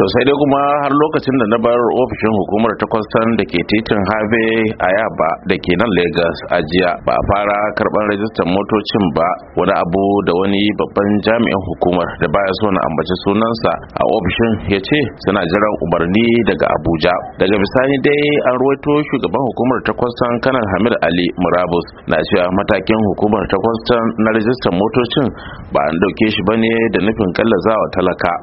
to sai dai kuma har lokacin da na bar ofishin hukumar ta kwastan da ke titin habe a yaba da ke nan lagos a jiya ba a fara karban rajistar motocin ba wani abu da wani babban jami'in hukumar da baya so na ambaci sunansa a ofishin ya ce suna jiran umarni daga abuja daga bisani dai an ruwaito shugaban hukumar ta kwastan kanar hamid ali murabus na cewa matakin hukumar ta kwastan na rajistar motocin ba an dauke shi bane da nufin kallazawa talaka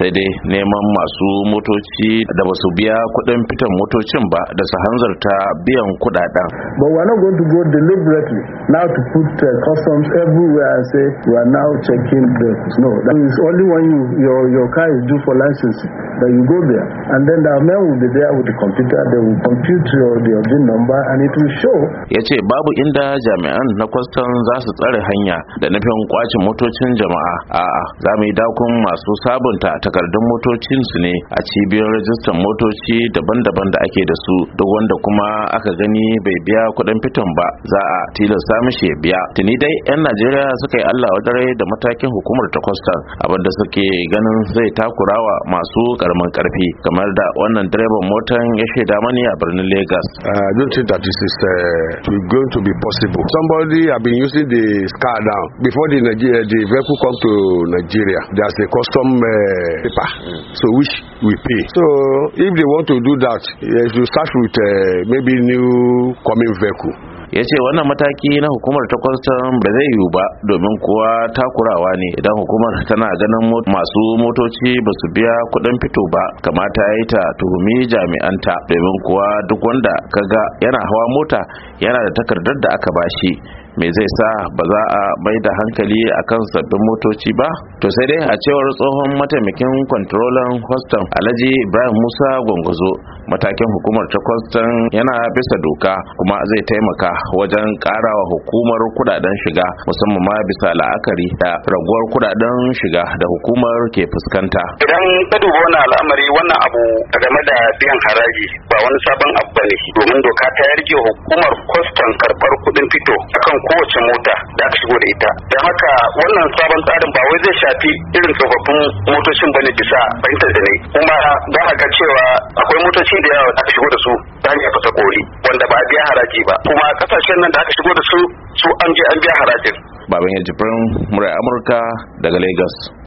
sai dai neman masu motoci da basu biya kuɗin fitan motocin ba da su hanzarta biyan kuɗaɗen. But we are not going to go deliberately now to put uh, customs everywhere and say we are now checking the No, that is only when you, your, your car is due for license that you go there. And then the men will be there with the computer, they will compute your, the VIN number and it will show. Ya ce babu inda jami'an na kwastan za su tsare hanya da nufin kwacin motocin jama'a. A'a, za mu yi dakon masu sabunta takardun motocin su ne a cibiyar rajistar motoci daban-daban da ake da su duk wanda kuma aka gani bai biya kuɗin fiton ba za a tilasta mishi ya biya tuni dai 'yan najeriya suka yi allah wadare da matakin hukumar ta kwastar abinda suke ganin zai takurawa masu karamin karfi kamar da wannan direban motan ya shaida mani a birnin lagos uh, uh, going to be possible somebody have been using the car now before the, Nigeria, the vehicle come to nigeria there's a custom uh, paper mm. so wish we pay. So if they want to do that, they should start with uh, maybe new coming vehicle. ya ce wannan mataki na hukumar ta kwastam ba zai yiwu ba domin kuwa takurawa ne idan hukumar tana ganin masu motoci ba su biya kuɗin fito ba kamata ya yi ta tuhumi jami'anta domin kuwa duk wanda kaga yana hawa mota yana da takardar da aka bashi me zai sa ba za a mai da hankali a kan sabbin motoci ba to sai dai a cewar tsohon mataimakin kwantarolan kwastam alhaji ibrahim musa gwangwazo matakin hukumar ta kwastam yana bisa doka kuma zai taimaka wajen karawa hukumar kudaden shiga musamman ma bisa la'akari da raguwar kudaden shiga da hukumar ke fuskanta idan ka duba wani al'amari wannan abu game da biyan haraji ba wani sabon abu ne domin doka ta yarge hukumar kwastan karbar kuɗin fito akan kowace mota da aka shigo da ita da haka wannan sabon tsarin ba wai zai shafi irin tsofaffin motocin bane bisa fahimtar da ne kuma za a ga cewa akwai motoci da yawa aka shigo da su ta hanyar fasa koli wanda ba a biya haraji ba kuma kasashen nan da aka shigo da su su an je an biya harajin baban ya jibrin murai amurka daga lagos